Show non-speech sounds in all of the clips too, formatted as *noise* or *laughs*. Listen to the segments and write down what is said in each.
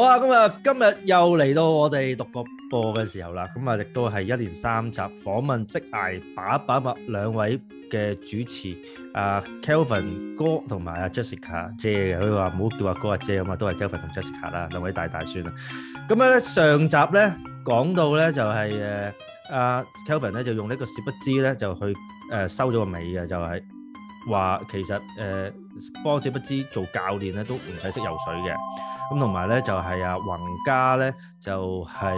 好啊，咁啊，今日又嚟到我哋獨角播嘅時候啦，咁啊，亦都係一連三集訪問職涯把把脈兩位嘅主持，阿 Kelvin 哥同埋阿 Jessica 姐嘅，佢話唔好叫阿哥阿姐啊嘛，都係 Kelvin 同 Jessica 啦，兩位大大蒜啊。咁樣咧，上集咧講到咧就係誒阿 Kelvin 咧就用呢個少不知咧就去誒收咗個尾嘅，就係話其實誒幫少不知做教練咧都唔使識游水嘅。咁同埋咧就係啊，宏家咧就係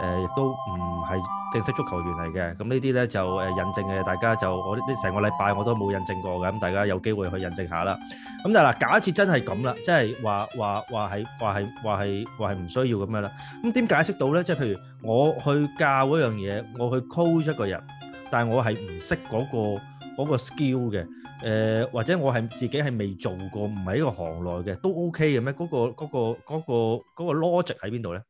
誒亦都唔係正式足球員嚟嘅。咁呢啲咧就誒印證嘅，大家就我呢啲成個禮拜我都冇印證過嘅。咁大家有機會去印證下啦。咁就嗱，假設真係咁啦，即係話話話係話係話係話係唔需要咁樣啦。咁點解釋到咧？即係譬如我去教一樣嘢，我去 coach 一個人，但係我係唔識嗰個嗰個 skill 嘅。誒、呃、或者我係自己係未做過，唔係呢個行內嘅，都 OK 嘅咩？嗰、嗰個嗰、嗰個 logic 喺邊度咧？嗰個嗰個、呢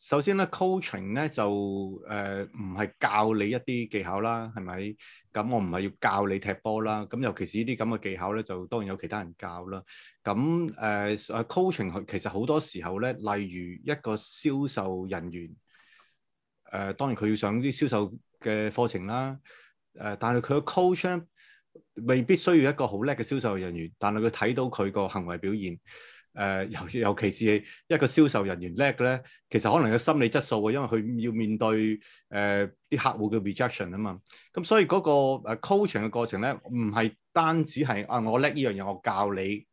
首先咧，coaching 咧就誒唔係教你一啲技巧啦，係咪？咁我唔係要教你踢波啦。咁尤其是呢啲咁嘅技巧咧，就當然有其他人教啦。咁誒誒 coaching 其實好多時候咧，例如一個銷售人員，誒、呃、當然佢要上啲銷售嘅課程啦。誒、呃，但係佢嘅 coach 未必需要一個好叻嘅銷售人員，但係佢睇到佢個行為表現，誒、呃、尤尤其是一個銷售人員叻咧，其實可能有心理質素啊，因為佢要面對誒啲、呃、客戶嘅 rejection 啊嘛，咁所以嗰、嗰個 coaching 嘅過程咧，唔係單止係啊我叻呢樣嘢，我教你。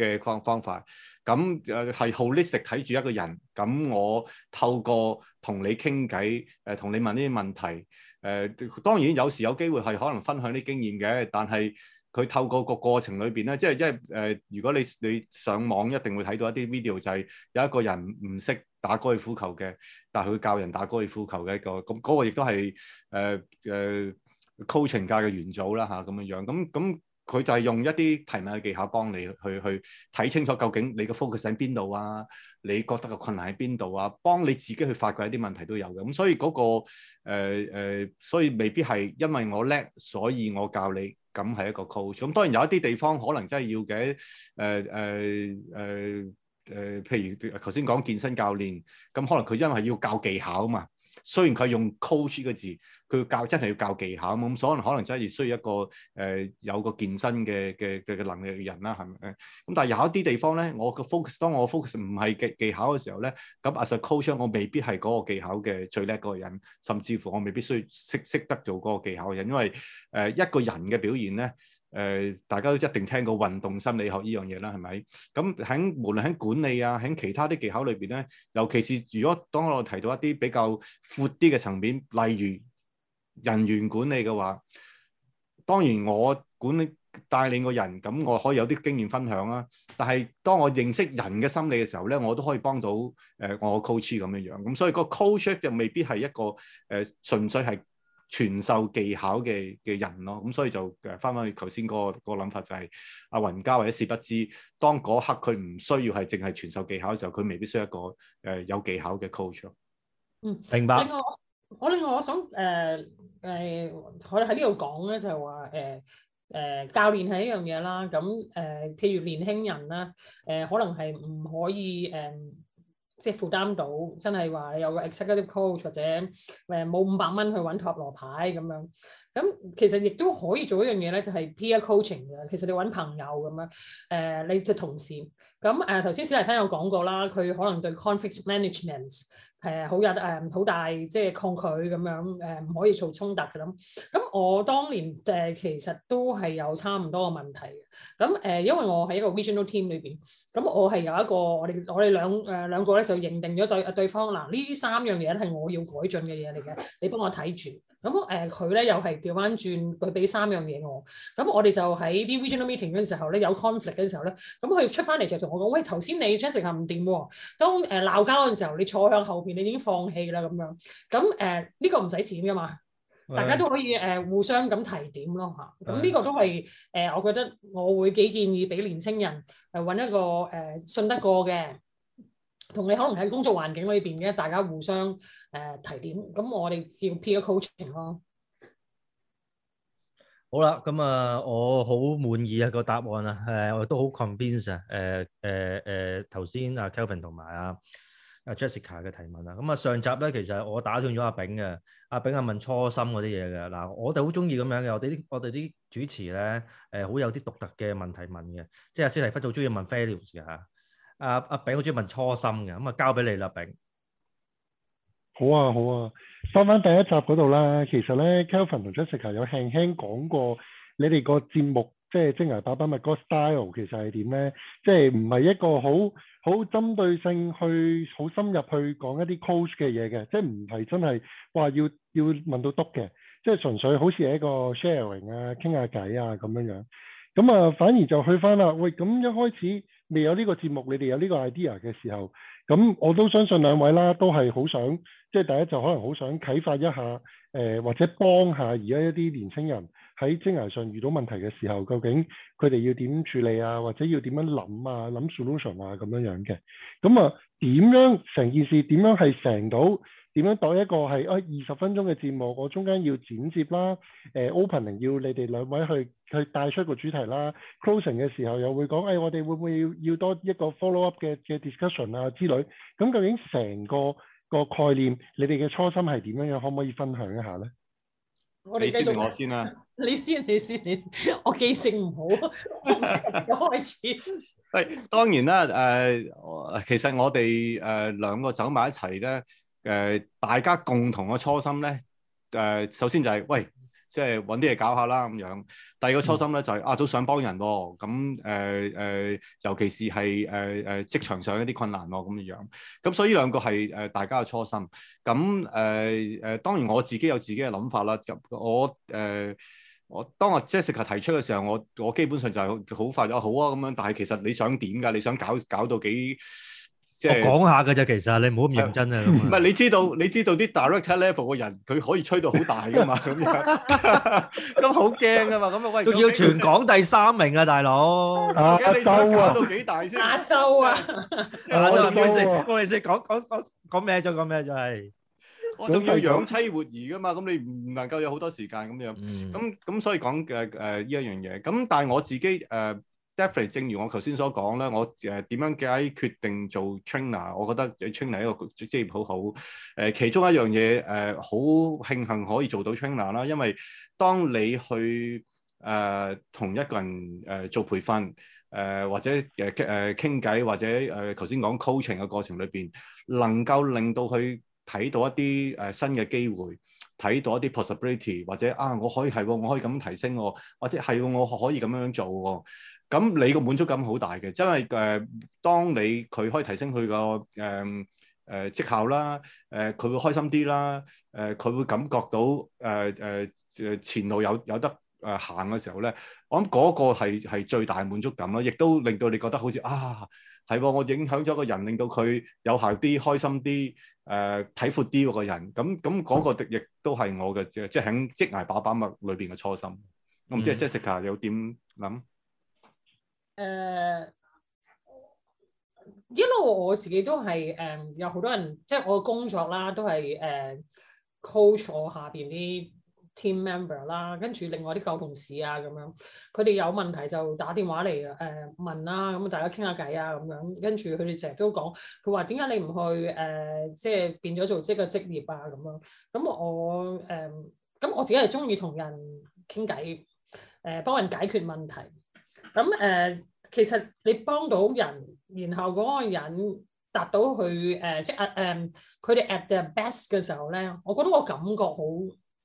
嘅方方法，咁誒係 holistic 睇住一個人，咁我透過同你傾偈，誒同你問呢啲問題，誒、呃、當然有時有機會係可能分享啲經驗嘅，但係佢透過個過程裏邊咧，即係即係誒，如果你你上網一定會睇到一啲 video 就係有一個人唔識打高爾夫球嘅，但係佢教人打高爾夫球嘅一個，咁、呃、嗰個、呃、亦都係誒誒 coaching 界嘅元祖啦嚇，咁、啊、樣樣，咁咁。佢就係用一啲提問嘅技巧幫你去去睇清楚究竟你嘅 focus 喺邊度啊？你覺得個困難喺邊度啊？幫你自己去發掘一啲問題都有嘅。咁所以嗰、嗰個誒、呃呃、所以未必係因為我叻，所以我教你咁係一個 coach。咁當然有一啲地方可能真係要嘅。誒誒誒誒，譬如頭先講健身教練，咁可能佢因為要教技巧啊嘛。雖然佢用 coach 個字，佢教真係要教技巧咁，所以可能真係需要一個誒、呃、有個健身嘅嘅嘅能力嘅人啦，係咪？咁但係有一啲地方咧，我個 focus 當我 focus 唔係技技巧嘅時候咧，咁 as a coach 我未必係嗰個技巧嘅最叻嗰個人，甚至乎我未必需要識識，識得做嗰個技巧嘅人，因為誒、呃、一個人嘅表現咧。誒、呃，大家都一定聽過運動心理學呢樣嘢啦，係咪？咁喺無論喺管理啊，喺其他啲技巧裏邊咧，尤其是如果當我提到一啲比較闊啲嘅層面，例如人員管理嘅話，當然我管理帶領個人，咁我可以有啲經驗分享啦、啊。但係當我認識人嘅心理嘅時候咧，我都可以幫到誒、呃、我 coach 咁樣樣。咁所以個 coach 就未必係一個誒純、呃、粹係，傳授技巧嘅嘅人咯，咁所以就誒翻返去頭先嗰個嗰個諗、那個、法就係、是、阿雲家或者士不知。當嗰刻佢唔需要係淨係傳授技巧嘅時候，佢未必需要一個誒、呃、有技巧嘅 coach 咯。嗯，明白。我我另外我想誒誒、呃呃，我喺呢度講咧就係話誒誒，教練係一樣嘢啦。咁誒、呃，譬如年輕人啦，誒、呃、可能係唔可以誒。呃即係負擔到，真係話你有個 executive coach 或者誒冇五百蚊去揾塔羅牌咁樣，咁其實亦都可以做一樣嘢咧，就係、是、peer coaching 嘅。其實你揾朋友咁樣，誒、呃，你嘅同事。咁誒頭先小麗聽我講過啦，佢可能對 conflict management 誒好有誒好大即係，就是、抗拒咁樣誒唔，啊、可以做衝突咁。咁我當年誒，啊、其實都係有差唔多嘅問題嘅。咁誒，啊、因為我喺一個 regional team 裏邊，咁我係有一個我哋我哋兩誒，啊、兩個咧就認定咗對對方嗱呢，啊、三樣嘢咧係我要改進嘅嘢嚟嘅，你幫我睇住。咁誒佢咧又係調翻轉，佢俾三樣嘢、嗯、我。咁我哋就喺啲 regional meeting 嗰陣時候咧，有 conflict 嘅時候咧，咁佢出翻嚟就同我講：喂，頭先你 Justin 係唔掂喎。當誒鬧交嗰陣時候，你坐向後邊，你已經放棄啦咁樣。咁誒呢個唔使錢噶嘛，大家都可以誒、呃、互相咁提點咯嚇。咁、嗯、呢、呢個都係誒、呃，我覺得我會幾建議俾年青人誒揾、呃、一個誒、呃、信得過嘅。同你可能喺工作環境裏邊嘅大家互相誒、呃、提點，咁我哋叫 peer coaching 咯。好啦，咁啊，我好滿意啊、個答案啊，誒、呃，我都好 convinced 啊，誒誒誒，頭先啊 Kelvin 同埋啊啊 Jessica 嘅提問啊，咁、嗯、啊上集咧其實我打斷咗阿炳嘅、啊，阿炳啊問初心嗰啲嘢嘅，嗱我哋好中意咁樣嘅，我哋啲我哋啲主持咧誒好有啲獨特嘅問題問嘅，即係阿斯提芬好中意問 failures 嘅嚇。阿阿炳好中意問初心嘅，咁、嗯、啊交俾你啦，炳。好啊好啊，翻返第一集嗰度啦。其實咧，Kelvin 同 Jessica 有輕輕講過，你哋個節目、嗯、即係職涯把把脈嗰 style 其實係點咧？即係唔係一個好好針對性去好深入去講一啲 Coach 嘅嘢嘅，即係唔係真係話要要問到篤嘅，即係純粹好似係一個 sharing 啊，傾下偈啊咁樣樣。咁啊，反而就去翻啦。喂，咁一開始，未有呢個節目，你哋有呢個 idea 嘅時候，咁我都相信兩位啦，都係好想，即係第一就可能好想啟發一下，誒、呃、或者幫下而家一啲年青人喺職涯上遇到問題嘅時候，究竟佢哋要點處理啊，或者要點樣諗啊，諗 solution 啊，咁樣、啊、樣嘅，咁啊點樣成件事點樣係成到？點樣度一個係？誒二十分鐘嘅節目，我中間要剪接啦。誒、呃、opening 要你哋兩位去去帶出個主題啦。closing 嘅時候又會講，誒、哎、我哋會唔會要要多一個 follow up 嘅嘅 discussion 啊之類？咁究竟成個個概念，你哋嘅初心係點樣樣？可唔可以分享一下咧？你先我先啦。你先你先，你，先你，先你我記性唔好，唔 *laughs* *laughs* 開始。係當然啦。誒、呃，其實我哋誒、呃、兩個走埋一齊咧。呢誒、呃、大家共同嘅初心咧，誒、呃、首先就係、是、喂，即係揾啲嘢搞下啦咁樣。第二個初心咧、嗯、就係、是、啊都想幫人喎、哦，咁誒誒，尤其是係誒誒職場上一啲困難咯咁嘅樣。咁、嗯、所以兩個係誒、呃、大家嘅初心。咁誒誒，當然我自己有自己嘅諗法啦。我誒、呃、我當阿 Jessica 提出嘅時候，我我基本上就係好快啊好啊咁樣。但係其實你想點㗎？你想搞搞到幾？講下嘅啫，其實你唔好咁認真啊！唔係你知道，你知道啲 director level 嘅人，佢可以吹到好大噶嘛？咁樣咁好驚噶嘛？咁啊喂！要全港第三名啊，大佬！睇下你先搞到幾大先？亞洲啊！亞洲，我哋先，我哋先講講講講咩？仲講咩？仲係我仲要養妻活兒噶嘛？咁你唔能夠有好多時間咁樣。咁咁所以講誒誒呢一樣嘢。咁但係我自己誒。Definitely，正如我頭先所講啦，我誒點、呃、樣解決定做 trainer，我覺得做 trainer 一個職業好好。誒、呃，其中一樣嘢誒，好、呃、慶幸可以做到 trainer 啦，因為當你去誒、呃、同一個人誒、呃、做培訓誒、呃，或者誒誒傾偈，或者誒頭先講 coaching 嘅過程裏邊，能夠令到佢睇到一啲誒、呃、新嘅機會，睇到一啲 possibility，或者啊我可以係喎，我可以咁、哦、提升我、哦，或者係、哦、我可以咁樣做喎、哦。咁你個滿足感好大嘅，真係誒、呃，當你佢可以提升佢個誒誒績效啦，誒、呃、佢會開心啲啦，誒、呃、佢會感覺到誒誒誒前路有有得誒行嘅時候咧，我諗嗰個係係最大滿足感咯，亦都令到你覺得好似啊係喎，我影響咗個人，令到佢有效啲、開心啲、誒、呃、睇闊啲喎個人。咁咁嗰個亦都係我嘅即係即係喺職涯把把脈裏邊嘅初心。我唔知 Jessica 有點諗。嗯。誒，一路我自己都係誒，有好多人即係我嘅工作啦，都係誒，coach 我下邊啲 team member 啦，跟住另外啲舊同事啊咁樣，佢哋有問題就打電話嚟誒問啦，咁大家傾下偈啊咁樣，跟住佢哋成日都講，佢話點解你唔去誒，即係變咗做即個職業啊咁樣，咁我誒，咁我自己係中意同人傾偈，誒，幫人解決問題。咁誒、嗯，其實你幫到人，然後嗰個人達到佢誒、呃，即係誒，佢、呃、哋 at the best 嘅時候咧，我覺得我感覺好，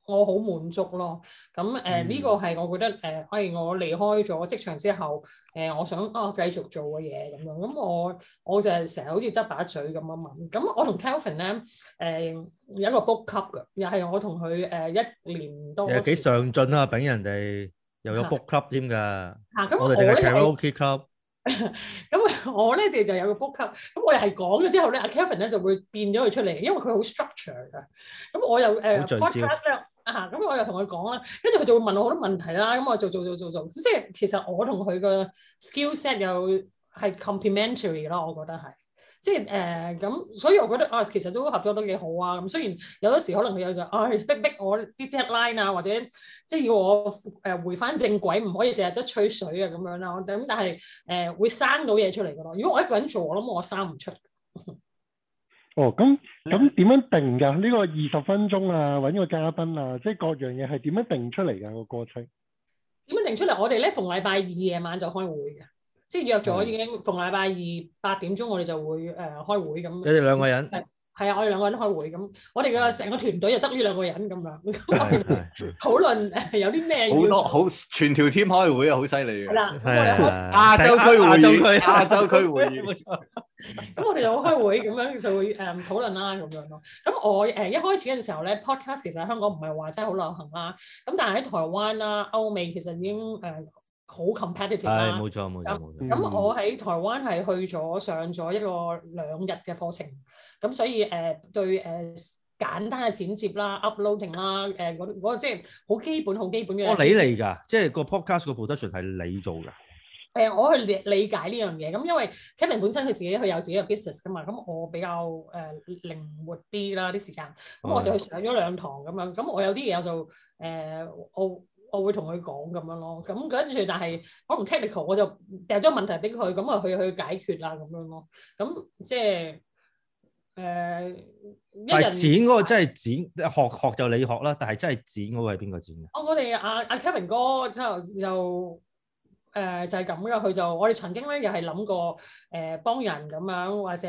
我好滿足咯。咁、嗯、誒，呢個係我覺得誒，例、呃、如、哎、我離開咗職場之後，誒、呃，我想啊、呃、繼續做嘅嘢咁樣。咁、嗯嗯、我我就係成日好似得把嘴咁樣問。咁、嗯嗯、我同 Kelvin 咧、呃、有一個 book club 嘅，又係我同佢誒一年多。幾上進啊！俾人哋。又有 book club 添㗎、啊啊，我哋就叫 O.K. club。咁我咧就就有 book club，咁、嗯、我哋係講咗之後咧，阿、啊、Kelvin 咧就會變咗佢出嚟，因為佢好 structure 㗎。咁、嗯、我又誒、uh, 啊，咁、啊、我又同佢講啦，跟住佢就會問我好多問題啦。咁、啊、我做做做做做，即係、就是、其實我同佢個 skill set 又係 complementary 咯，我覺得係。即係誒咁，所以我覺得啊，其實都合作得幾好啊。咁雖然有啲時可能佢有就誒逼逼我啲 deadline 啊，或者即係要我誒回翻正軌，唔可以成日都吹水啊咁樣啦。咁但係誒會生到嘢出嚟噶咯。如果我一個人做，我諗我生唔出。哦，咁咁點樣定㗎？呢個二十分鐘啊，揾個嘉賓啊，即係各樣嘢係點樣定出嚟㗎？個過程點樣定出嚟？我哋咧逢禮拜二夜晚就開會㗎。即係約咗已經逢禮拜二八點鐘，我哋就會誒開會咁。你哋兩個人係啊？我哋兩個人開會咁，我哋嘅成個團隊就得於兩個人咁樣討論，有啲咩好多好全條 team 開會啊，好犀利啊！嗱，亞洲區會議，亞洲區會議。咁我哋就開會咁樣就會誒討論啦咁樣咯。咁我誒一開始嘅時候咧，podcast 其實喺香港唔係話真係好流行啦。咁但係喺台灣啦、歐美其實已經誒。好 competitive 啦，係冇錯冇錯冇錯。咁那錯我喺台灣係去咗上咗一個兩日嘅課程，咁所以誒、呃、對誒、呃、簡單嘅剪接啦、uploading、呃、啦、誒嗰嗰即係好基本好基本嘅。我你嚟㗎，即、就、係、是、個 podcast 個 production 係你做㗎。誒、呃，我去理理解呢樣嘢，咁因為 Kelvin 本身佢自己佢有自己嘅 business 㗎嘛，咁我比較誒、呃、靈活啲啦啲、那個、時間，咁我就去上咗兩堂咁樣，咁我有啲嘢我就誒、呃、我。我會同佢講咁樣咯，咁跟住，但係可能 technical 我就掉咗問題俾佢，咁啊佢去解決啦咁樣咯。咁即係誒，一、呃、人。剪嗰個真係剪，學學就你學啦。但係真係剪嗰個係邊個剪哦、啊啊呃就係，我哋阿阿 Kelvin 哥之後又誒就係咁嘅，佢就我哋曾經咧又係諗過誒、呃、幫人咁樣，或者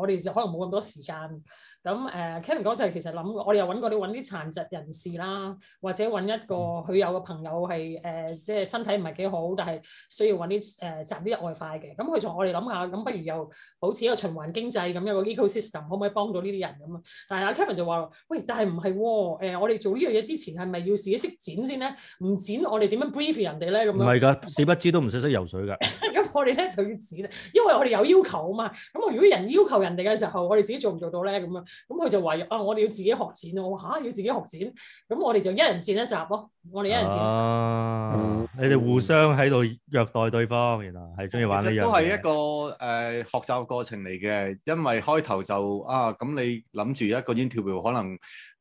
我哋可能冇咁多時間。咁誒、uh, Kelvin 講就其實諗，我哋又揾過，你啲殘疾人士啦，或者揾一個佢有個朋友係誒，即、uh, 係身體唔係幾好，但係需要揾啲誒賺啲外快嘅。咁佢從我哋諗下，咁不如又好似一個循環經濟咁一,一個 ecosystem，可唔可以幫到呢啲人咁啊？但係阿、uh, Kelvin 就話：喂，但係唔係誒？我哋做呢樣嘢之前係咪要自己識剪先咧？唔剪我哋點樣 brief 人哋咧？咁樣唔係㗎，死不知都唔識識游水㗎。 *laughs* 我哋咧就要剪咧，因為我哋有要求啊嘛。咁我如果人要求人哋嘅時候，我哋自己做唔做到咧？咁樣咁佢就話：啊，我哋要自己學剪咯。我嚇要自己學剪，咁我哋、啊、就一人剪一集咯。我哋一人剪一、啊嗯、你哋互相喺度虐待對方，原來係中意玩呢樣。都係一個誒、呃、學習過程嚟嘅，因為開頭就啊，咁你諗住一個煙條票可能。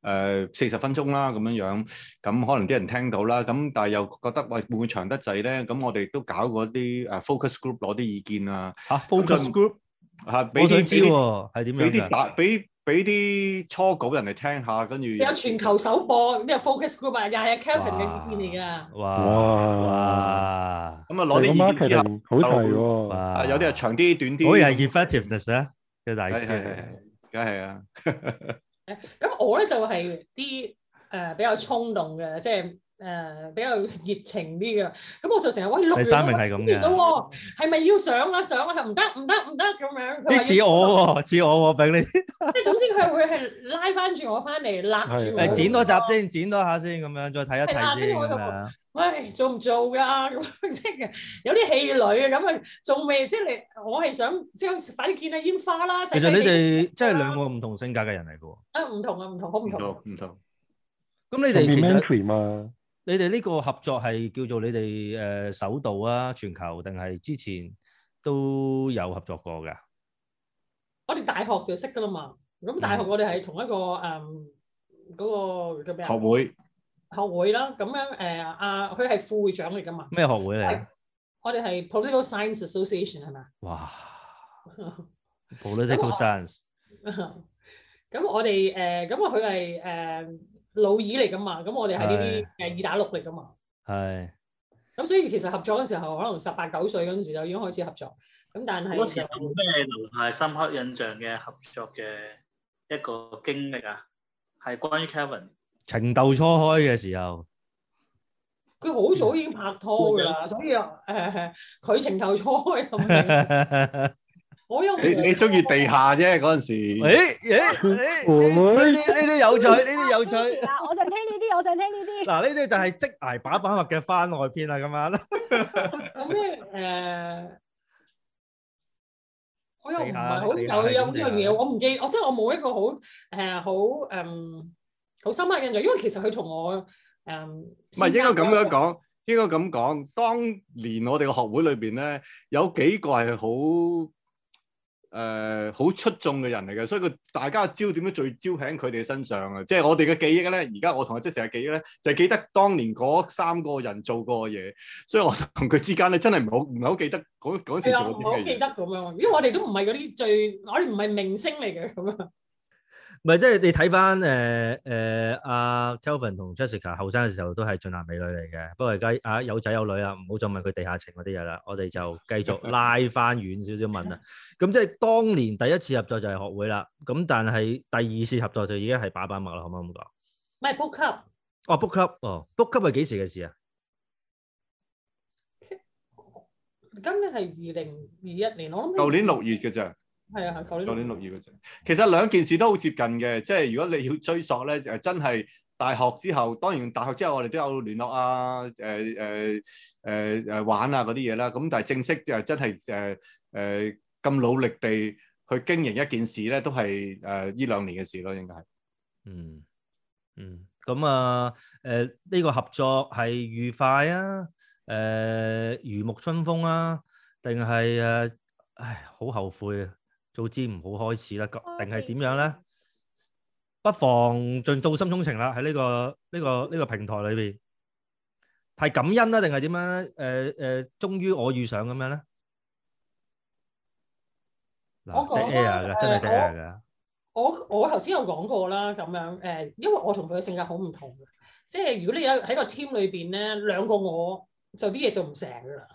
誒四十分鐘啦，咁樣樣，咁可能啲人聽到啦，咁但係又覺得喂會唔會長得滯咧？咁我哋都搞嗰啲誒 focus group 攞啲意見啊。嚇，focus group 嚇，俾啲知喎，係點樣？俾啲打，俾俾啲初稿人哋聽下，跟住有全球首播咩 focus group 啊，又係 Kelvin 嘅意見嚟㗎。哇哇，咁啊攞啲意見好有啲係長啲、短啲。可以係 effectiveness 啊嘅大事，梗係啊。誒咁、嗯、我呢就係啲誒比較衝動嘅，即係。誒，比較熱情啲嘅，咁我就成日喂，第三名係咁嘅，係咪要上啊？上啊，係唔得？唔得？唔得？咁樣，呢次我喎，次我喎，俾你。即係總之佢會係拉翻住我翻嚟，攔住我。剪多集先，剪多下先，咁樣再睇一睇先。係唉，做唔做噶？咁即係，有啲氣餒啊！咁啊，仲未即係你，我係想即係，快啲見下煙花啦。其實你哋即係兩個唔同性格嘅人嚟嘅。啊，唔同啊，唔同，好唔同，唔同。咁你哋其實？你哋呢個合作係叫做你哋誒首度啊，全球定係之前都有合作過嘅？我哋大學就識噶啦嘛。咁大學我哋係同一個誒嗰個叫咩學會，學會啦。咁樣誒啊，佢係副會長嚟噶嘛？咩學會嚟？我哋係 Political Science Association 係嘛？哇！Political Science。咁我哋誒，咁啊佢係誒。老二嚟噶嘛？咁我哋係呢啲誒二打六嚟噶嘛？係。咁所以其實合作嘅時候，可能十八九歲嗰陣時就已經開始合作。咁但係嗰時候有咩留下深刻印象嘅合作嘅一個經歷啊？係關於 Kelvin 情竇初開嘅時候，佢好早已經拍拖㗎啦，所以啊誒，佢情竇初開。你你中意地下啫嗰陣時，誒誒，呢啲呢啲有趣，呢啲有趣。嗱，我想聽呢啲，我想聽呢啲。嗱，呢啲就係職涯把把脈嘅番外篇啦，咁樣。咁咧，誒，好有好有呢樣嘢，我唔記，我真係我冇一個好誒好誒好深刻嘅印象，因為其實佢同我誒唔係應該咁樣講，應該咁講。當年我哋個學會裏邊咧，有幾個係好。誒好、呃、出眾嘅人嚟嘅，所以佢大家嘅焦點都聚焦喺佢哋嘅身上啊！即係我哋嘅記憶咧，而家我同阿即成日記憶咧，就係、記得當年嗰三個人做過嘅嘢，所以我同佢之間咧真係唔好唔係好記得嗰嗰陣時做咗啲咩嘢，係啊、唔記得咁樣，因為我哋都唔係嗰啲最，我哋唔係明星嚟嘅咁啊。唔係，即係你睇翻誒誒阿 Kelvin 同 Jessica 後生嘅時候都係俊男美女嚟嘅，不過而家啊，有仔有女啦，唔好再問佢地下情嗰啲嘢啦。我哋就繼續拉翻遠少少問啦。咁即係當年第一次合作就係學會啦。咁但係第二次合作就已經係把把脈啦，可唔可以咁講？唔 book club 哦 book club 哦 book club 係幾時嘅事啊？今日係二零二一年，我舊年六月嘅咋。係啊，舊年六月嘅啫。其實兩件事都好接近嘅，即係如果你要追溯咧，就係真係大學之後，當然大學之後我哋都有聯絡啊，誒誒誒誒玩啊嗰啲嘢啦。咁但係正式就真係誒誒咁努力地去經營一件事咧，都係誒呢兩年嘅事咯，應該係。嗯嗯，咁啊，誒呢個合作係愉快啊，誒如沐春風啊，定係誒唉好後悔啊？早知唔好開始啦，定係點樣咧？不妨盡到心中情啦，喺呢、呢個呢、呢個呢、呢個平台裏邊，係感恩啊，定係點樣咧？誒、呃、誒，終、呃、於我遇上咁樣咧。嗱， *noise* 真係嗲啊！真係嗲啊！我我頭先有講過啦，咁樣誒、呃，因為我同佢嘅性格好唔同，即係如果你有喺個 team 裏邊咧，兩個我就啲嘢做唔成噶啦。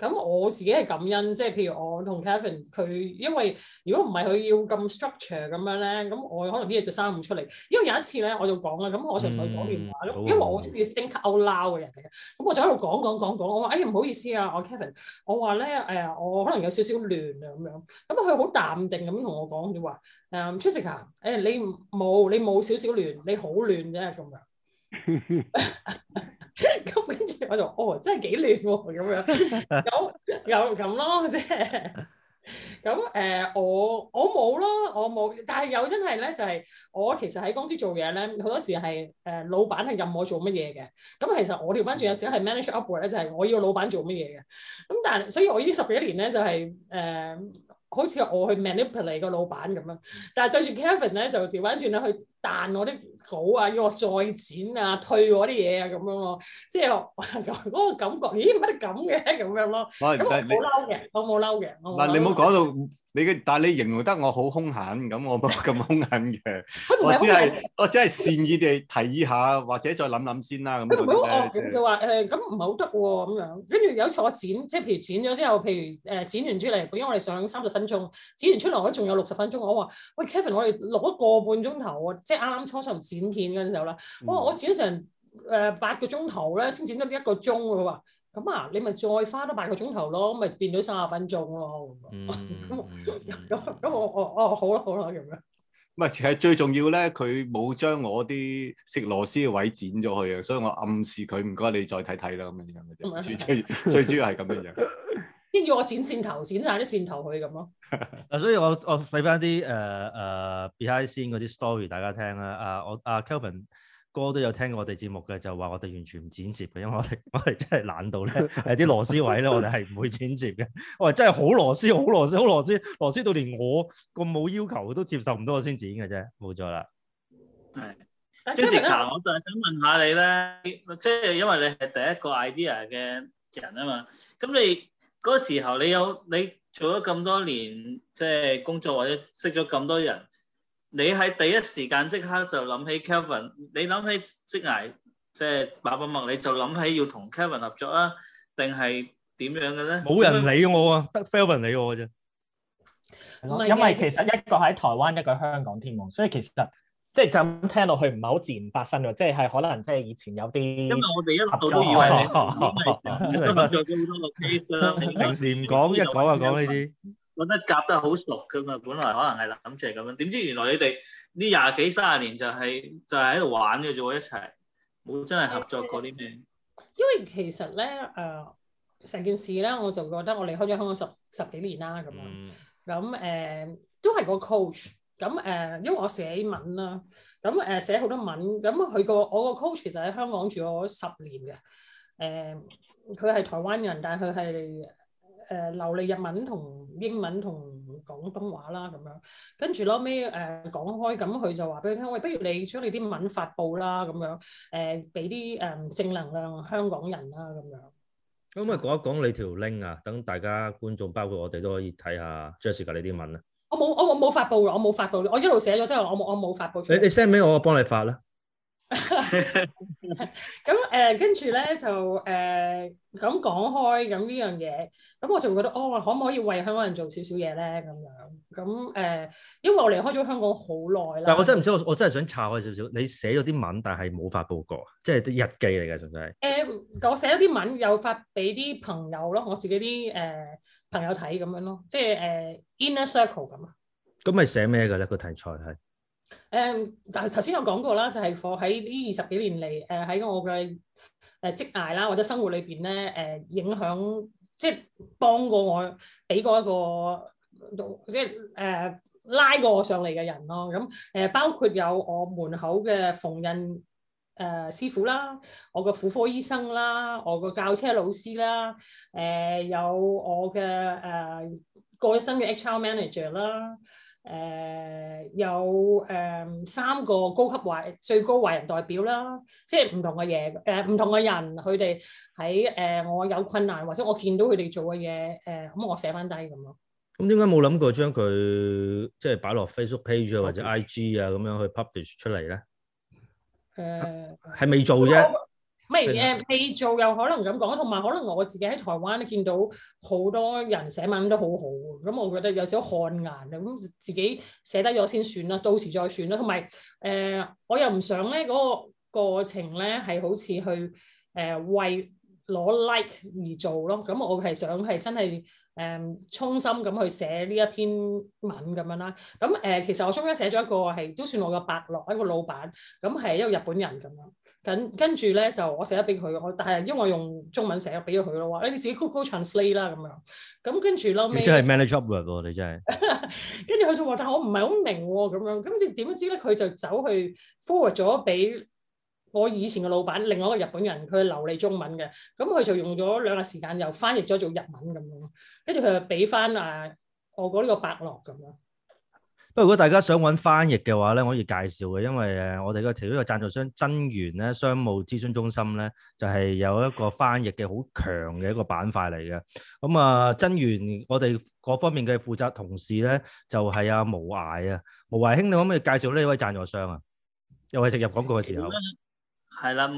咁我自己係感恩，即係譬如我同 Kelvin 佢，因為如果唔係佢要咁 structure 咁樣咧，咁我可能啲嘢就生唔出嚟。因為有一次咧，我就我講啦，咁我就同佢講電話咯，因為我係 think out loud 嘅人嚟嘅，咁、嗯、我就喺度講,講講講講，我話哎，唔好意思啊，我 Kelvin，我話咧誒我可能有少少亂啊咁樣，咁啊佢好淡定咁同我講，佢話誒 Jessica，你冇你冇少少亂，你好亂啫咁樣。 *laughs* *laughs* 我就哦，真係幾亂喎、啊、咁樣， *laughs* 有，有咁咯啫。咁、就、誒、是嗯，我我冇啦，我冇。但係有真係咧、就是，就係我其實喺公司做嘢咧，好多時係誒、呃、老闆係任我做乜嘢嘅。咁、嗯、其實我調翻轉有時係 manage upward 咧，就係我要老闆做乜嘢嘅。咁、嗯、但係，所以我呢十幾年咧就係、是、誒、呃，好似我去 manipulate 個老闆咁樣。但係對住 Kevin 咧，就調翻轉咧去。彈我啲稿啊，要我再剪啊、退我啲嘢啊，咁樣咯，即係嗰個感覺，咦乜咁嘅咁樣咯。冇嬲嘅，我冇嬲嘅。嗱你冇講到 *laughs* 你嘅，但係你形容得我好兇狠，咁我冇咁兇狠嘅。 *laughs* 我只係我只係善意地提議下， *laughs* 或者再諗諗先啦、啊。咁佢唔好惡佢話誒咁唔係好得喎咁樣。跟住有一次我剪，即係譬如剪咗之後，譬如誒剪完出嚟，因為我哋上三十分鐘，剪完出嚟我仲有六十分鐘，我話喂 Kelvin，我哋錄咗個半鐘頭即係啱啱初初剪片嗰陣時候啦、嗯哦，我我剪成誒八個鐘頭咧，先剪咗一個鐘，佢話：咁啊，你咪再花多八個鐘頭咯，咪變咗三十分鐘咯。咁咁我我哦好啦好啦咁樣。唔、嗯、係，其實最重要咧，佢冇將我啲食螺絲嘅位剪咗去啊，所以我暗示佢唔該你再睇睇啦，咁樣樣嘅啫。最最主要係咁樣樣。嗯 *laughs* *laughs* 跟住我剪線頭，剪晒啲線頭佢咁咯。嗱，所以我我俾翻啲誒誒 b i n c n 嗰啲 story 大家聽啦。啊，我啊 Kelvin 哥，哥，哥都有聽過我哋節目嘅，就話我哋完全唔剪接嘅，因為我哋我哋真係懶到咧，係啲螺絲位咧，我哋係唔會剪接嘅。我話真係好螺絲，好螺絲，好螺絲，螺絲到連我個冇要求都接受唔到，我先剪嘅啫。冇錯啦。係。j e 我就想問下你咧，即係因為你係第一個 idea 嘅人啊嘛，咁你？嗰個時候你有你做咗咁多年，即係工作或者識咗咁多人，你喺第一時間即刻就諗起 Kelvin，你諗起職涯即係把把脈你就諗起要同 Kelvin 合作啊，定係點樣嘅咧？冇人理我啊，得 Kelvin 理我啫。因為其實一個喺台灣，一個喺香港天王，所以其實。即係就咁聽落去唔係好自然發生嘅，即係可能即係以前有啲，因為我哋一路都以為你， *laughs* 因為今日再講咗個 case 平時唔講 *laughs* 一講就講呢啲， *laughs* 你覺得夾得好熟噶嘛，本來可能係諗住係咁樣，點知原來你哋呢廿幾卅年就係、是、就係喺度玩嘅啫，一齊冇真係合作過啲咩？因為其實咧，誒、呃，成件事咧，我就覺得我離開咗香港十十幾年啦，咁樣咁誒，都係個 coach。咁誒，因為我寫文啦，咁誒寫好多文，咁佢個我個 coach 其實喺香港住咗十年嘅，誒佢係台灣人，但係佢係誒流利日文同英文同廣東話啦咁樣，跟住後尾誒講開，咁佢就話俾佢聽，喂，不如你將你啲文發布啦咁樣，誒俾啲誒正能量香港人啦咁樣。咁咪講一講你條 link 啊，等大家觀眾包括我哋都可以睇下 Jessica 你啲文啊。我冇我冇冇發布，我冇發布，我一路寫咗，即係我我冇發布，你你 send 俾我，我幫你發啦。咁誒，跟住咧就誒咁講開，咁、嗯、呢樣嘢，咁我就會覺得，哦、嗯，可唔可以為香港人做少少嘢咧？咁、嗯、樣，咁、嗯、誒、嗯嗯，因為我離開咗香港好耐啦。但我真係唔知，我我真係想岔開少少。你寫咗啲文，但係冇發布過，即係啲日記嚟㗎，純粹。誒、嗯，我寫咗啲文，又發俾啲朋友咯，我自己啲誒、呃、朋友睇咁樣咯，即係誒 inner circle 咁啊。咁係寫咩嘅咧？嗯呢這個題材係？誒、嗯，但係頭先我講過啦，就係、是、我喺呢二十幾年嚟，誒、呃、喺我嘅誒職涯啦，或者生活裏邊咧，誒、呃、影響，即係幫過我，俾過一個，即係誒、呃、拉過我上嚟嘅人咯。咁、嗯、誒包括有我門口嘅縫紉誒、呃、師傅啦，我個婦科醫生啦，我個教車老師啦，誒、呃、有我嘅誒、呃、個身嘅 HR manager 啦。誒，有誒三個高級華最高華人代表啦，即係唔同嘅嘢，誒唔同嘅人，佢哋喺誒我有困難或者我見到佢哋做嘅嘢，誒咁我寫翻低咁咯。咁點解冇諗過將佢即係擺落 Facebook page 啊或者 IG 啊咁樣去 publish 出嚟咧？誒，係未做啫。唔係未，未做又可能咁講，同埋可能我自己喺台灣咧見到好多人寫文都好好喎，咁我覺得有少少汗顏啊，咁自己寫得咗先算啦，到時再算啦。同埋誒，我又唔想咧嗰個過程咧係好似去誒、呃、為攞 like 而做咯，咁我係想係真係。誒、嗯，衷心咁去寫呢一篇文咁樣啦。咁誒、呃，其實我中間寫咗一個係都算我嘅伯樂一個老闆，咁、嗯、係一個日本人咁樣。跟跟住咧就我寫咗俾佢，我但係因為我用中文寫咗俾咗佢咯，你你自己 Google Translate 啦咁樣。咁、嗯、跟住囉即係 manage up 喎，你真係。 *laughs* 跟住佢就話：但係我唔係好明喎，咁、啊、樣。跟住點知咧，佢就走去 forward 咗俾。我以前嘅老闆，另外一個日本人，佢係流利中文嘅，咁佢就用咗兩日時間，又翻譯咗做日文咁樣，跟住佢就俾翻啊我個呢個伯樂咁樣。不過如果大家想揾翻譯嘅話咧，我可以介紹嘅，因為誒我哋嘅其中一個贊助商真源咧，商務諮詢中心咧就係有一個翻譯嘅好強嘅一個板塊嚟嘅。咁啊，真源我哋各方面嘅負責同事咧就係阿無涯啊，無涯兄，你可唔可以介紹呢位贊助商啊？又係直入廣告嘅時候。係啦，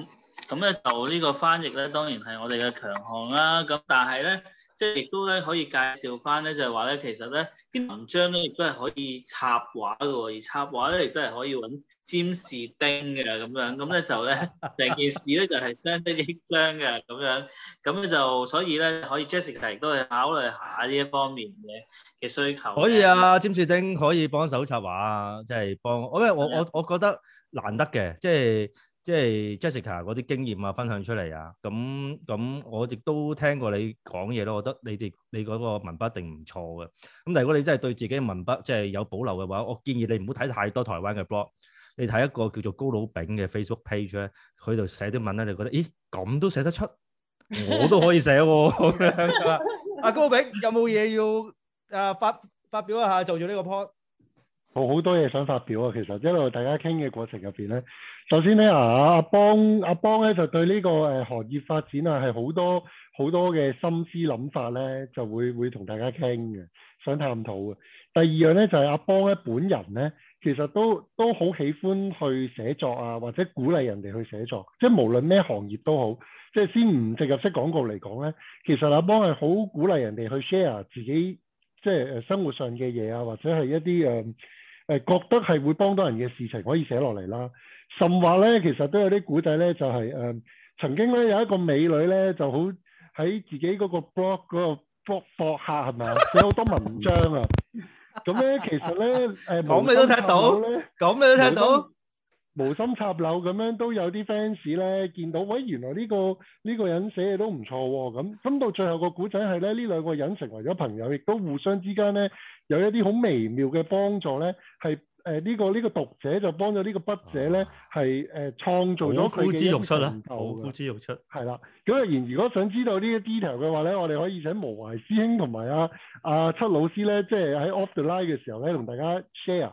咁咧就呢個翻譯咧，當然係我哋嘅強項啦。咁但係咧，即係亦都咧可以介紹翻咧，就係話咧，其實咧啲文章咧亦都係可以插畫噶，而插畫咧亦都係可以揾佔士丁嘅咁樣。咁咧就咧成 *laughs* 件事咧就係相得益彰嘅咁樣。咁咧就所以咧可以 Jessica 亦都去考慮下呢一方面嘅嘅需求。可以啊，佔士、嗯、丁可以幫手插畫啊，即、就、係、是、幫，因的我我我，我覺得難得嘅，即係。即係 Jessica 嗰啲經驗啊，分享出嚟啊，咁咁我亦都聽過你講嘢咯。我覺得你哋你嗰個文筆一定唔錯嘅。咁但如果你真係對自己嘅文筆即係有保留嘅話，我建議你唔好睇太多台灣嘅 blog。你睇一個叫做高佬炳嘅 Facebook page 咧，佢就寫啲文咧，你就覺得咦，咁都寫得出，我都可以寫喎。咁阿高佬炳有冇嘢要啊發發表一下做住呢個 pod？我好多嘢想發表啊，其實一路大家傾嘅過程入邊咧。首先咧啊，阿邦阿邦咧就對呢個誒行業發展啊係好多好多嘅心思諗法咧，就會會同大家傾嘅，想探討嘅。第二樣咧就係阿邦咧本人咧，其實都都好喜歡去寫作啊，或者鼓勵人哋去寫作，即係無論咩行業都好，即係先唔直入式廣告嚟講咧，其實阿邦係好鼓勵人哋去 share 自己即係誒生活上嘅嘢啊，或者係一啲誒誒覺得係會幫到人嘅事情可以寫落嚟啦。甚至咧，其實都有啲古仔咧，就係、是、誒、呃、曾經咧有一個美女咧，就好喺自己嗰個 blog 嗰度 blog 博客係咪啊，寫好多文章啊。咁咧 *laughs* 其實咧誒，講、呃、你都聽到，講你都聽到，無心插柳咁樣都有啲 fans 咧見到，喂，原來呢、這個呢、這個人寫嘢都唔錯喎。咁咁到最後個古仔係咧，呢兩個人成為咗朋友，亦都互相之間咧有一啲好微妙嘅幫助咧，係。誒呢、呃這個呢、這個讀者就幫咗呢個筆者咧，係誒、啊呃、創造咗佢嘅一個成就。好，呼之欲出啦！係啦、嗯，咁啊，然如果想知道呢啲 detail 嘅話咧，我哋可以請毛懷師兄同埋阿阿七老師咧，即係喺 off the line 嘅時候咧，同大家 share。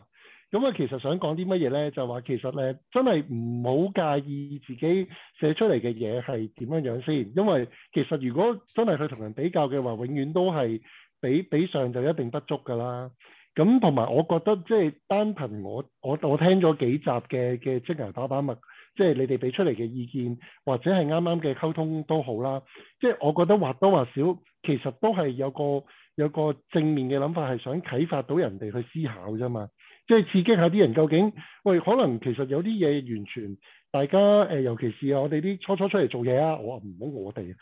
咁、嗯、啊，其實想講啲乜嘢咧，就話其實咧，真係唔好介意自己寫出嚟嘅嘢係點樣樣先，因為其實如果真係去同人比較嘅話，永遠都係比比上就一定不足㗎啦。咁同埋，我覺得即係單憑我我我聽咗幾集嘅嘅職涯打把脈，即係你哋俾出嚟嘅意見，或者係啱啱嘅溝通都好啦。即係我覺得或多或少，其實都係有個有個正面嘅諗法，係想啟發到人哋去思考啫嘛。即係刺激下啲人究竟，喂，可能其實有啲嘢完全大家誒、呃，尤其是我哋啲初初出嚟做嘢啊，我話唔好我哋，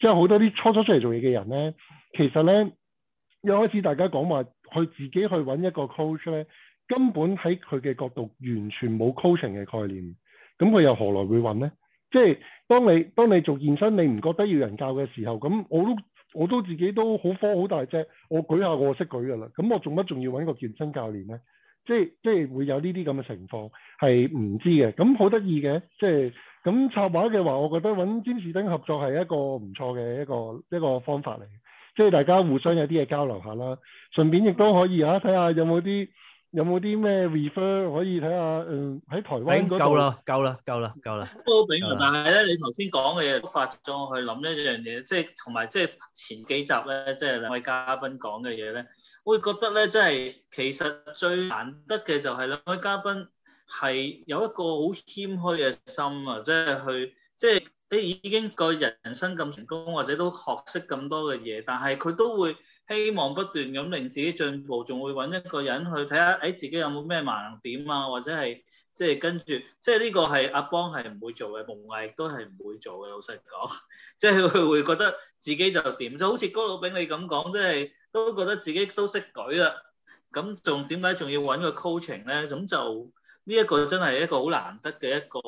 即係好多啲初初出嚟做嘢嘅人咧，其實咧一開始大家講話。佢自己去揾一個 coach 咧，根本喺佢嘅角度完全冇 coaching 嘅概念，咁佢又何來會揾咧？即係當你當你做健身，你唔覺得要人教嘅時候，咁我都我都自己都好科好大隻，我舉下我識舉噶啦，咁我做乜仲要揾個健身教練咧？即係即係會有呢啲咁嘅情況，係唔知嘅。咁好得意嘅，即係咁插畫嘅話，我覺得揾詹士登合作係一個唔錯嘅一個一個方法嚟。即係大家互相有啲嘢交流下啦，順便亦都可以嚇睇下有冇啲有冇啲咩 refer 可以睇下。嗯，喺台灣應該夠啦，夠啦，夠啦，夠啦。高炳文。了但係咧，你頭先講嘅嘢都發咗我去諗一樣嘢，即係同埋即係前幾集咧，即係兩位嘉賓講嘅嘢咧，我會覺得咧，即係其實最難得嘅就係兩位嘉賓係有一個好謙虛嘅心啊，即係去即係。就是誒已經個人人生咁成功，或者都學識咁多嘅嘢，但係佢都會希望不斷咁令自己進步，仲會揾一個人去睇下，誒、哎、自己有冇咩盲點啊，或者係即係跟住，即係呢個係阿邦係唔會做嘅，蒙毅都係唔會做嘅，老實講，即係佢會覺得自己就點，就好似高老炳你咁講，即係都覺得自己都識舉啦，咁仲點解仲要揾個 coaching 呢？咁就～呢一個真係一個好難得嘅一個，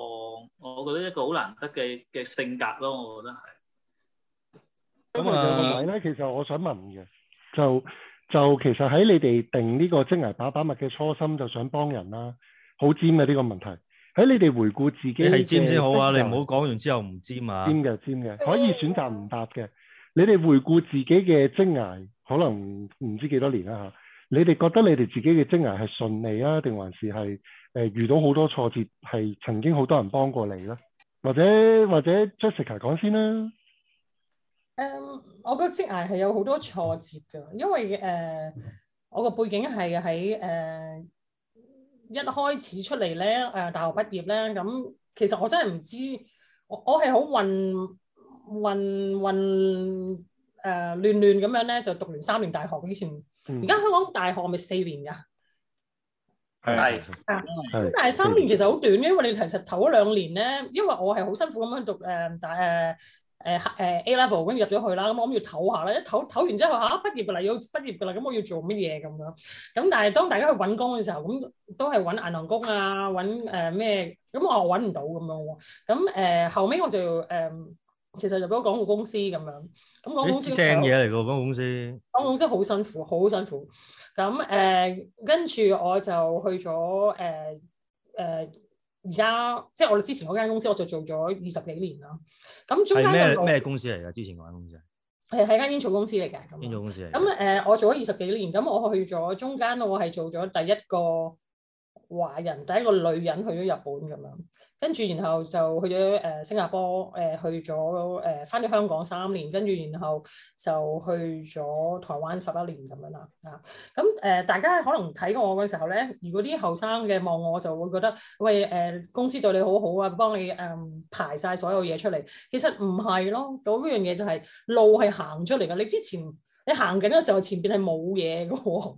我覺得一個好難得嘅嘅性格咯。我覺得係咁啊。咁但係咧，其實我想問嘅就就其實喺你哋定呢個職涯把把脈嘅初心，就想幫人啦、啊，好尖嘅呢個問題喺你哋回顧自己。你係尖先好啊，你唔好講完之後唔尖啊。尖嘅尖嘅，可以選擇唔答嘅。你哋回顧自己嘅職涯，可能唔知幾多年啦、啊、嚇。你哋覺得你哋自己嘅職涯係順利啊，定還是係？誒、呃，遇到好多挫折，係曾經好多人幫過你啦，或者或者 Jessica 講先啦。誒，um，我覺得職涯係有好多挫折噶，因為誒、呃，我個背景係喺誒，一開始出嚟咧，誒、呃，大學畢業咧，咁、嗯、其實我真係唔知，我我係好混混混誒，亂亂咁樣咧，就讀完三年大學以前，而家香港大學咪四年噶。係對 *music* 啊，咁是但係三年其實好短，因為你其實唞咗兩年咧，因為我係好辛苦咁樣讀誒大誒誒客 A level 咁入咗去啦，咁我諗要唞下啦，一唞唞完之後吓，畢業嘅啦，要畢業嘅啦，咁我要做乜嘢咁樣？咁但係當大家去揾工嘅時候，咁都係揾銀行工啊，揾誒咩？咁我揾唔到咁樣喎。咁、呃、誒後尾我就誒。呃其實入咗廣告公司咁樣，咁廣告公司正嘢嚟㗎，廣告公司。廣告公司好辛苦，好辛苦。咁誒，跟住我就去咗誒誒，而家即係我哋之前嗰間公司，我就做咗二十幾年啦。咁中間咩咩公司嚟㗎？之前嗰間公司係間煙草公司嚟㗎。煙草公司嚟。咁誒，我做咗二十幾年，咁我去咗中間，我係做咗第一個。華人第一個女人去咗日本咁樣，跟住然後就去咗誒、呃、新加坡，誒、呃、去咗誒翻咗香港三年，跟住然後就去咗台灣十一年咁樣啦啊！咁、呃、誒大家可能睇過我嘅時候咧，如果啲後生嘅望我就會覺得喂誒、呃、公司對你好好啊，幫你誒、呃、排晒所有嘢出嚟，其實唔係咯，嗰樣嘢就係路係行出嚟嘅，你之前你行緊嘅時候前邊係冇嘢嘅喎。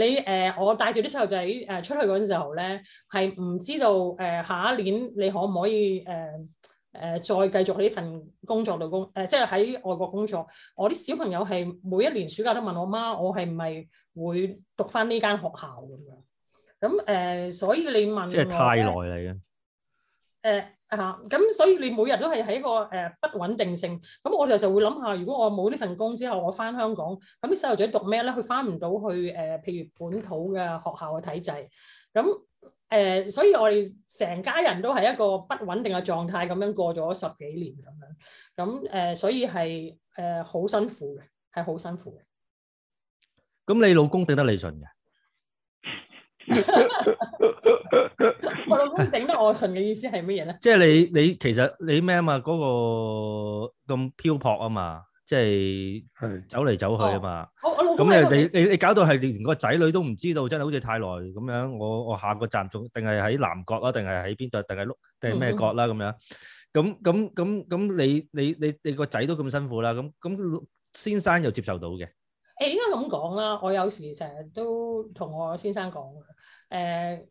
你誒、呃、我帶住啲細路仔誒出去嗰陣時候咧，係唔知道誒、呃、下一年你可唔可以誒誒、呃呃、再繼續呢份工作度工誒，即係喺外國工作。我啲小朋友係每一年暑假都問我媽，我係咪會讀翻呢間學校咁樣㗎？咁誒、呃，所以你問即係太耐嚟嘅誒。呃。嚇！咁所以你每日都係喺個誒不穩定性。咁我哋就會諗下，如果我冇呢份工之後，我翻香港，咁啲細路仔讀咩咧？佢翻唔到去誒，譬如本土嘅學校嘅體制。咁誒，所以我哋成家人都係一個不穩定嘅狀態，咁樣過咗十幾年咁樣。咁誒，所以係誒好辛苦嘅，係好辛苦嘅。咁你老公點得你順嘅？我老公頂得我順嘅意思係乜嘢咧？即係你你其實你咩啊嘛？嗰個咁漂泊啊嘛，即係走嚟走去啊嘛。我我老公咁咧，你你你搞到係連個仔女都唔知道，真係好似太耐咁樣。我我下個站仲定係喺南角啊，定係喺邊度？定係碌定係咩角啦？咁樣咁咁咁咁，你你你你個仔都咁辛苦啦。咁咁先生又接受到嘅。誒，hey, 應該咁講啦。我有時成日都同我先生講誒、呃，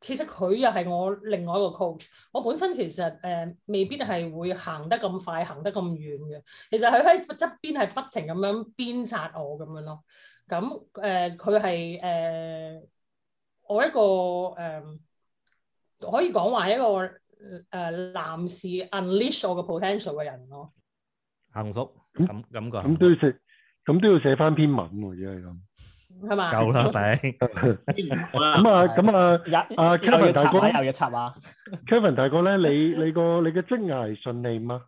其實佢又係我另外一個 coach。我本身其實誒、呃，未必係會行得咁快，行得咁遠嘅。其實佢喺側邊係不停咁樣鞭策我咁樣咯。咁、呃、誒，佢係誒，我一個誒、呃，可以講話一個誒、呃，男士 unleash 我嘅 potential 嘅人咯。呃、幸福感感覺，咁都咁都要寫翻篇文喎，如果係咁夠啦，頂咁啊，咁吧 *laughs* *laughs* 啊，Kelvin 大哥，又要插啊，Kelvin 大哥咧，你 *laughs* 你個你嘅職涯順利嗎？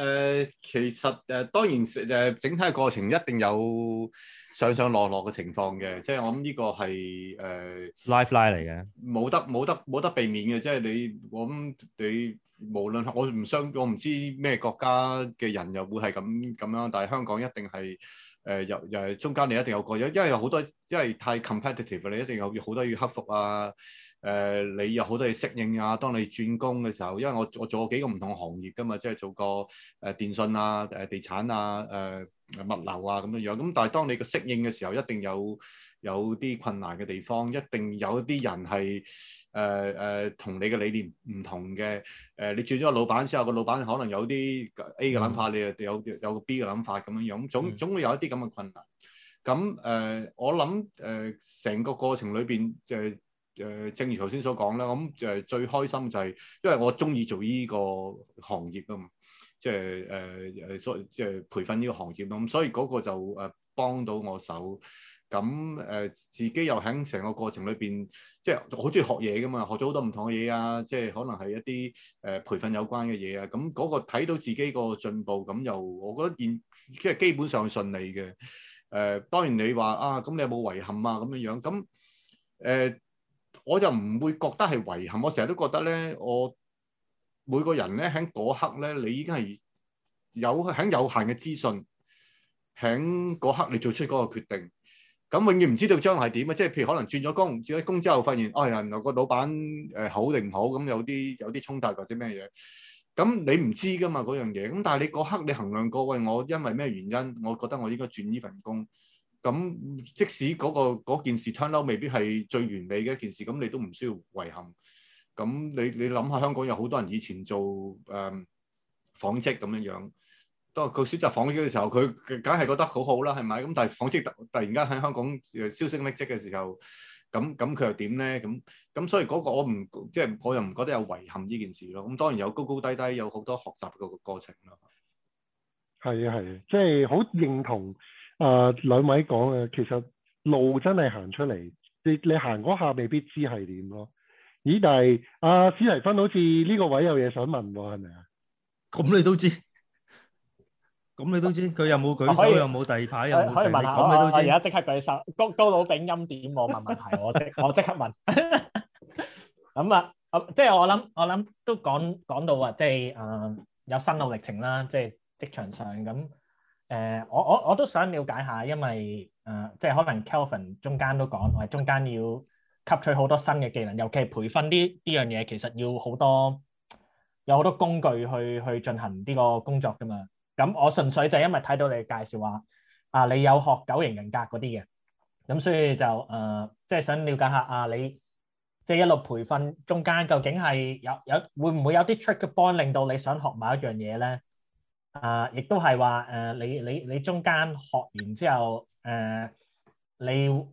誒、呃，其實誒、呃、當然誒、呃，整體過程一定有上上落落嘅情況嘅，即係我諗呢個係誒、呃、life line 嚟嘅，冇得冇得冇得避免嘅，即係你我諗你無論我唔相我唔知咩國家嘅人又會係咁咁樣，但係香港一定係、呃、又又係中間你一定有過，因因為好多因為太 competitive 你一定有好多要克服啊。誒，你有好多嘢適應啊。當你轉工嘅時候，因為我我做過幾個唔同行業㗎嘛，即係做過誒電信啊、誒地產啊、誒、呃、物流啊咁樣樣。咁但係當你個適應嘅時候，一定有有啲困難嘅地方，一定有啲人係誒誒同你嘅理念唔同嘅。誒、呃，你轉咗個老闆之後，個老闆可能有啲 A 嘅諗法，嗯、你又有有個 B 嘅諗法咁樣樣。咁、嗯、總總會有一啲咁嘅困難。咁誒、呃，我諗誒成個過程裏邊就。呃呃呃呃呃呃誒，正如頭先所講啦，咁誒最開心就係，因為我中意做呢個行業啊嘛，即係誒誒，所即係培訓呢個行業，咁所以嗰個就誒幫到我手，咁誒自己又喺成個過程裏邊，即係好中意學嘢噶嘛，學咗好多唔同嘅嘢啊，即係可能係一啲誒培訓有關嘅嘢啊，咁嗰個睇到自己個進步，咁又我覺得現即係基本上順利嘅，誒當然你話啊，咁你有冇遺憾啊？咁樣樣，咁誒。我就唔會覺得係遺憾，我成日都覺得咧，我每個人咧喺嗰刻咧，你已經係有喺有限嘅資訊，喺嗰刻你做出嗰個決定，咁永遠唔知道將來係點啊！即係譬如可能轉咗工，轉咗工之後發現，哦，原來個老闆誒好定唔好，咁有啲有啲衝突或者咩嘢，咁你唔知㗎嘛嗰樣嘢，咁但係你嗰刻你衡量過，喂、哎、我因為咩原因，我覺得我應該轉呢份工。咁即使嗰個嗰件事 turn out 未必係最完美嘅一件事，咁你都唔需要遺憾。咁你你諗下，香港有好多人以前做誒紡織咁樣樣，當佢選擇紡織嘅時候，佢梗係覺得好好啦，係咪？咁但係紡織突突然間喺香港銷聲匿跡嘅時候，咁咁佢又點咧？咁咁所以嗰個我唔即係，即係、我又唔覺得有遺憾呢件事咯。咁當然有高高低低，有好多學習個過程啦。係啊，係啊，即係好認同。啊、呃、兩位講嘅其實路真係行出嚟，你你行嗰下未必知係點咯。咦？但係阿、啊、史提芬好似呢個位有嘢想問喎，係咪啊？咁你都知，咁你都知，佢有冇舉手？有冇第二排？有冇剩？咁你都知。而家即刻舉手。高高佬炳音點？我問問題，我即我即刻問。咁啊、 *laughs* *laughs* 呃，即係我諗，我諗都講講到話，即係啊、呃，有新路歷程啦，即係職場上咁。誒，uh, 我我我都想了解下，因為誒、呃，即係可能 Kelvin 中間都講，我中間要吸取好多新嘅技能，尤其係培訓啲呢樣嘢，其實要好多有好多工具去去進行呢個工作㗎嘛。咁、嗯、我純粹就因為睇到你介紹話，啊，你有學九型人格嗰啲嘅，咁、嗯、所以就誒、呃，即係想了解下，啊，你即係一路培訓中間，究竟係有有，有會唔會有啲 trick 幫令到你想學某一樣嘢咧？啊，亦都係話誒，你你你中間學完之後誒、呃，你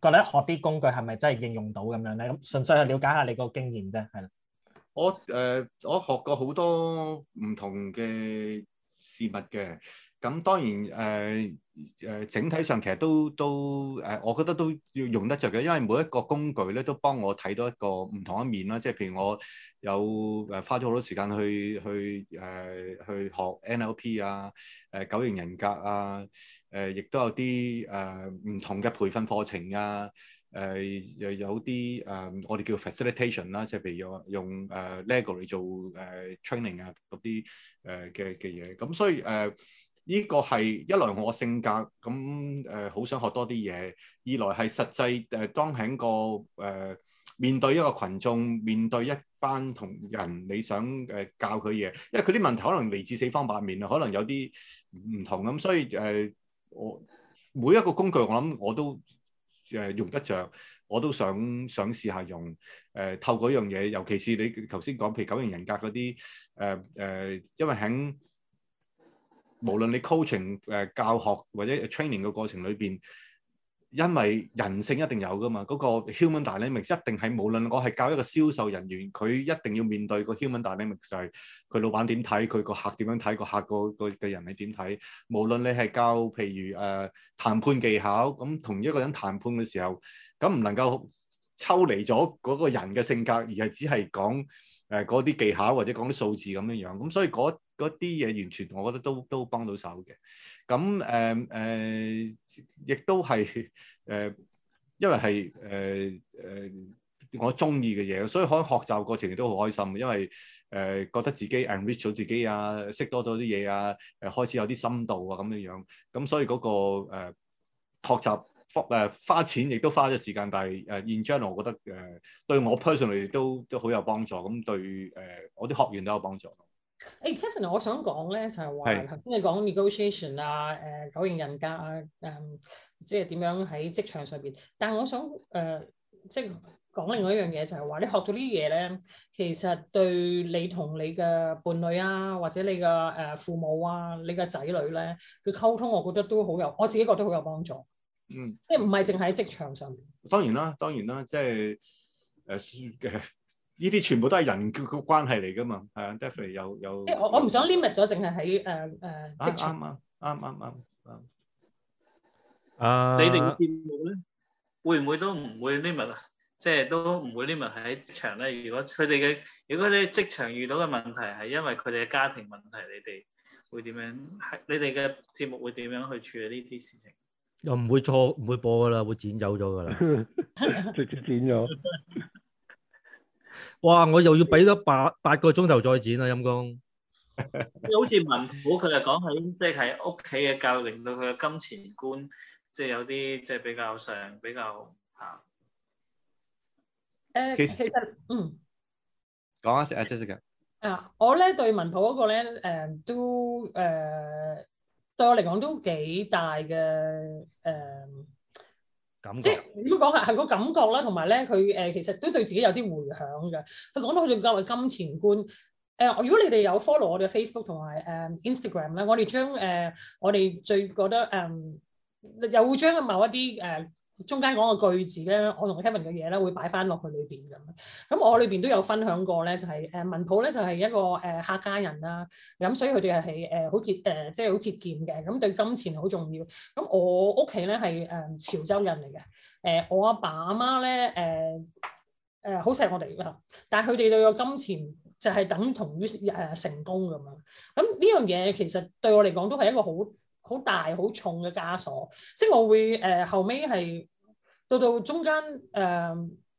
覺得學啲工具係咪真係應用到咁樣咧？咁純粹去了解下你個經驗啫，係啦。我誒、呃，我學過好多唔同嘅事物嘅。咁當然誒誒、呃呃，整體上其實都都誒、呃，我覺得都要用得着嘅，因為每一個工具咧都幫我睇到一個唔同一面啦、啊。即係譬如我有誒花咗好多時間去去誒、呃、去學 NLP 啊、誒、呃、九型人格啊、誒、呃、亦都有啲誒唔同嘅培訓課程啊、誒、呃、又有啲誒、呃、我哋叫 facilitation 啦、啊，即係譬如用誒、呃、Lego 嚟做誒、呃、training 啊嗰啲誒嘅嘅嘢。咁、呃、所以誒。呃呃呢個係一來我性格咁誒，好、呃、想學多啲嘢；二來係實際誒，當喺個誒面對一個群眾，面對一班同人，你想誒、呃、教佢嘢，因為佢啲問題可能嚟自四方八面啊，可能有啲唔同咁，所以誒、呃、我每一個工具，我諗我都誒用得着，我都想想試下用誒、呃、透過一樣嘢，尤其是你頭先講，譬如九型人格嗰啲誒誒，因為喺無論你 coaching 誒、呃、教學或者 training 嘅過程裏邊，因為人性一定有噶嘛，嗰個 human dynamics 一定係無論我係教一個銷售人員，佢一定要面對個 human dynamics 就係佢老闆點睇，佢個客點樣睇，個客個個人你點睇。無論你係教譬如誒、呃、談判技巧，咁同一個人談判嘅時候，咁唔能夠抽離咗嗰個人嘅性格，而係只係講誒嗰啲技巧或者講啲數字咁樣樣。咁所以、嗰個嗰啲嘢完全，我覺得都都幫到手嘅。咁誒誒，亦、呃、都係誒、呃，因為係誒誒我中意嘅嘢，所以可能學習過程亦都好開心因為誒、呃、覺得自己 enrich 咗自己啊，識多咗啲嘢啊，誒開始有啲深度啊咁樣樣。咁所以嗰、那個誒、呃、學習花誒錢亦都花咗時間，但係誒現將來我覺得誒、呃、對我 person 嚟都都好有幫助。咁對誒、呃、我啲學員都有幫助。誒、hey，Kevin，我想講咧就係話，頭先你講 negotiation 啊，誒、呃，九型人格啊，誒、呃，即係點樣喺職場上邊？但我想誒、呃，即係講另外一樣嘢就係話，你學咗呢啲嘢咧，其實對你同你嘅伴侶啊，或者你嘅誒、呃、父母啊，你嘅仔女咧佢溝通，我覺得都好有，我自己覺得好有幫助。嗯，即係唔係淨係喺職場上面。當然啦，當然啦，即係誒、嘅、呃。呢啲全部都係人叫嘅關係嚟噶嘛？係啊，Debbie 有有。有我我唔想 limit 咗，淨係喺誒誒職場。啱啱啱啱啱。啊！啊啊啊你哋嘅節目咧，會唔會都唔會 limit 啊？即係都唔會 limit 喺職場咧。如果佢哋嘅，如果你喺職場遇到嘅問題係因為佢哋嘅家庭問題，你哋會點樣？係你哋嘅節目會點樣去處理呢啲事情？又唔會錯，唔會播噶啦，會剪走咗噶啦，直接 *laughs* 剪咗。哇！我又要俾咗八八個鐘頭再剪啊，陰公。好 *laughs* 似文普就，佢係講喺即係屋企嘅教育令到佢嘅金錢觀，即係有啲即係比較上比較吓。誒，uh, 其實嗯，講一阿阿 Jessie 嘅、uh, Jessica. uh,。啊，我咧對文普嗰個咧誒、uh, 都誒，uh, 對我嚟講都幾大嘅誒。Uh, 即係如果講下，係個感覺啦，同埋咧佢誒其實都對自己有啲迴響嘅。佢講到佢哋嘅金錢觀誒、呃，如果你哋有 follow 我哋嘅 Facebook 同埋誒、呃、Instagram 咧、呃，我哋將誒我哋最覺得、呃、又會將某一啲誒。呃中間講個句子咧，我同 Kevin 嘅嘢咧會擺翻落去裏邊咁。咁我裏邊都有分享過咧，就係誒文普咧就係一個誒、呃、客家人啦。咁所以佢哋係誒好接誒即係好節儉嘅。咁對金錢好重要。咁我屋企咧係誒潮州人嚟嘅。誒、呃、我阿爸阿媽咧誒誒好錫我哋啦。但係佢哋對個金錢就係等同於誒成功咁樣。咁呢樣嘢其實對我嚟講都係一個好好大好重嘅枷鎖，即係我會誒、呃、後尾係到到中間誒、呃、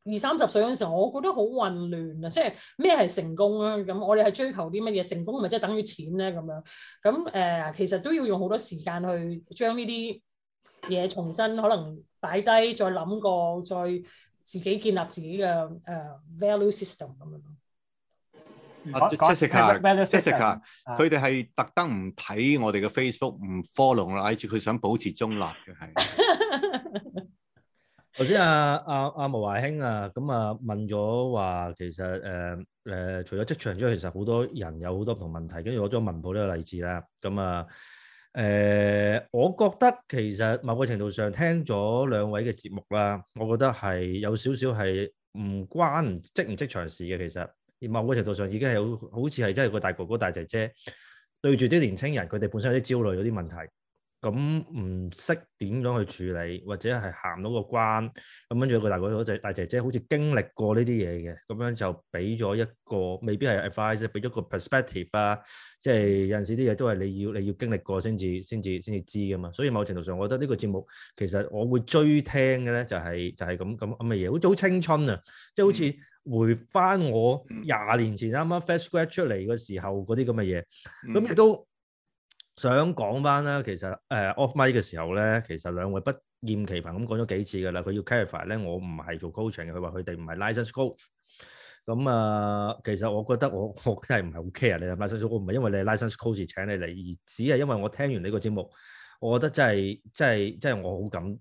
二三十歲嗰時候，我覺得好混亂啊！即係咩係成功啊？咁我哋係追求啲乜嘢成功？咪即係等於錢咧咁樣咁誒、呃，其實都要用好多時間去將呢啲嘢重新可能擺低，再諗過，再自己建立自己嘅誒、呃、value system 咁樣。啊 Jessica 說 Jessica 佢哋係特登唔睇我哋嘅 Facebook，唔 follow 啦、啊，嗌住佢想保持中立嘅係。頭先 *laughs* 啊啊啊，毛華興啊，咁、嗯、啊問咗話、呃，其實誒誒，除咗職場之外，其實好多人有好多唔同問題，跟住攞咗文保呢個例子啦。咁啊誒，我覺得其實某個程度上聽咗兩位嘅節目啦，我覺得係有少少係唔關職唔職場事嘅，其實。某個程度上已經係好，好似係真係個大哥哥、大姐姐對住啲年青人，佢哋本身有啲焦慮、有啲問題，咁唔識點樣去處理，或者係行到個關，咁跟住個大哥哥、大姐姐好似經歷過呢啲嘢嘅，咁樣就俾咗一個未必係 advice 俾咗個 perspective 啊，即係有陣時啲嘢都係你要你要經歷過先至先至先至知噶嘛。所以某程度上，我覺得呢個節目其實我會追聽嘅咧、就係，就係就係咁咁咁嘅嘢，好青春啊，即係好似～、嗯回翻我廿年前啱啱 fast scratch 出嚟嘅時候嗰啲咁嘅嘢，咁亦、mm hmm. 都想講翻啦。其實誒、呃、off mic 嘅時候咧，其實兩位不厭其煩咁講咗幾次噶啦。佢要 clarify 咧，我唔係做 coaching，佢話佢哋唔係 license coach。咁啊、呃，其實我覺得我我真係唔係好 care 你係 license coach。我唔係因為你係 license coach 請你嚟，而只係因為我聽完呢個節目，我覺得真係真係真係我好感。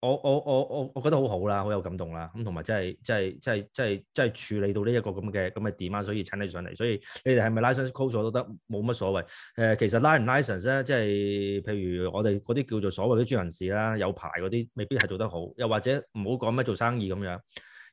我我我我我覺得好好啦，好有感動啦，咁同埋即係真係真係真係真係處理到呢一個咁嘅咁嘅 demand 所以請你上嚟。所以你哋係咪 license call 咗都得，冇乜所謂。誒，其實 license 咧、啊，即係譬如我哋嗰啲叫做所謂啲專人士啦，有牌嗰啲未必係做得好。又或者唔好講咩做生意咁樣，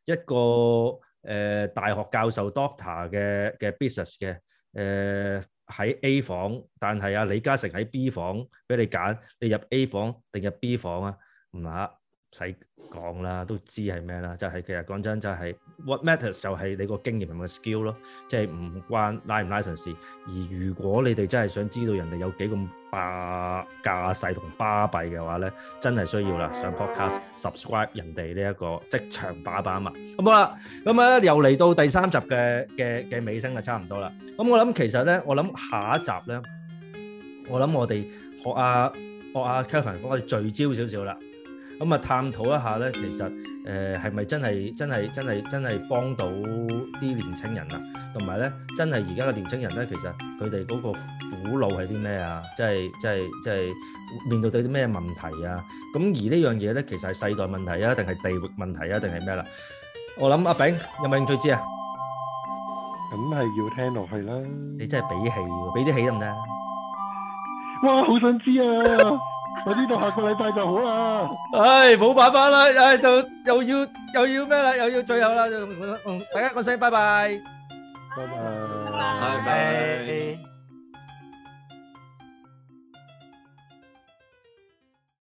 一個誒、呃、大學教授 doctor 嘅嘅 business 嘅，誒、呃、喺 A 房，但係阿、啊、李嘉誠喺 B 房，俾你揀，你入 A 房定入 B 房啊？唔係啊，唔使講啦，都知係咩啦。就係、是、其實講真、就是，就係 what matters 就係你個經驗同個 skill 咯，hmm. 即係唔關 licence 唔 licence 事。而如果你哋真係想知道人哋有幾咁霸架勢同巴閉嘅話咧，真係需要啦。上 podcast subscribe 人哋呢一個職場把把嘛。咁好啦，咁咧又嚟到第三集嘅嘅嘅尾聲，就差唔多啦。咁我諗其實咧，我諗下一集咧，我諗我哋學阿學阿 Kelvin，我哋聚焦少少啦。咁啊，探討一下咧，其實誒係咪真係真係真係幫到啲年輕人啊？同埋咧，真係而家嘅年輕人咧，其實佢哋嗰個苦惱係啲咩啊？即係即係即係面對對啲咩問題啊？咁而這呢樣嘢咧，其實係世代問題啊，定係地域問題啊，定係咩啦？我諗阿炳有冇興趣知啊？梗係要聽落去啦！你真係俾氣，俾啲氣得唔得？哇！好想知道啊！ *laughs* 我呢度下個禮拜就好啦，係冇、哎、辦法啦，係、哎、就又要又要咩啦，又要最後啦，大家講聲拜拜，拜拜，拜拜。